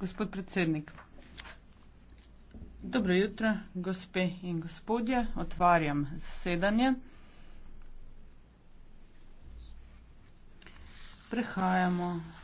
Gospod predsednik, dobro jutro, gospe in gospodje, otvarjam zasedanje. Prehajamo.